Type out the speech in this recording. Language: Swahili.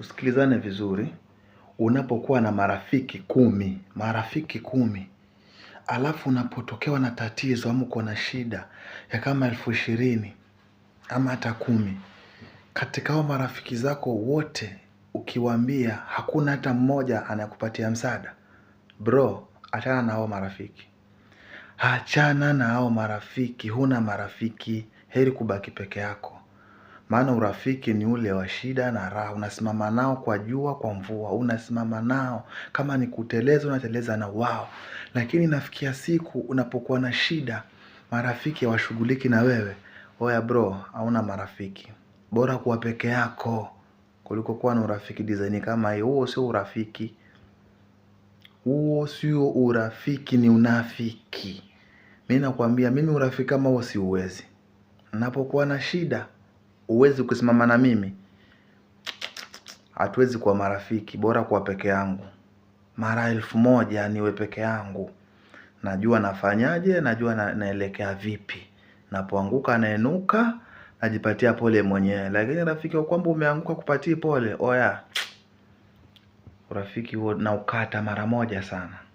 tusikilizane vizuri. Unapokuwa na marafiki kumi, marafiki kumi, alafu unapotokewa na tatizo ama uko na shida ya kama elfu ishirini ama hata kumi, katika hao marafiki zako wote ukiwambia hakuna hata mmoja anayekupatia msaada, bro, achana na hao marafiki, hachana na hao marafiki. Huna marafiki, heri kubaki peke yako. Maana urafiki ni ule wa shida na raha, unasimama nao kwa jua, kwa mvua, unasimama nao kama ni kuteleza, unateleza na wao. Lakini nafikia siku unapokuwa na shida, marafiki hawashughuliki na wewe, oya bro, hauna marafiki. Bora kuwa peke yako kuliko kuwa na urafiki design kama hiyo. Huo sio urafiki, huo sio urafiki, ni unafiki. Mi nakwambia mimi urafiki kama huo siuwezi. Napokuwa na shida huwezi kusimama na mimi, hatuwezi kuwa marafiki, bora kuwa peke yangu. Mara elfu moja niwe peke yangu, najua nafanyaje, najua na, naelekea vipi. Napoanguka naenuka najipatia pole mwenyewe. Lakini rafiki wa kwamba umeanguka kupatii pole, oya, urafiki huo naukata mara moja sana.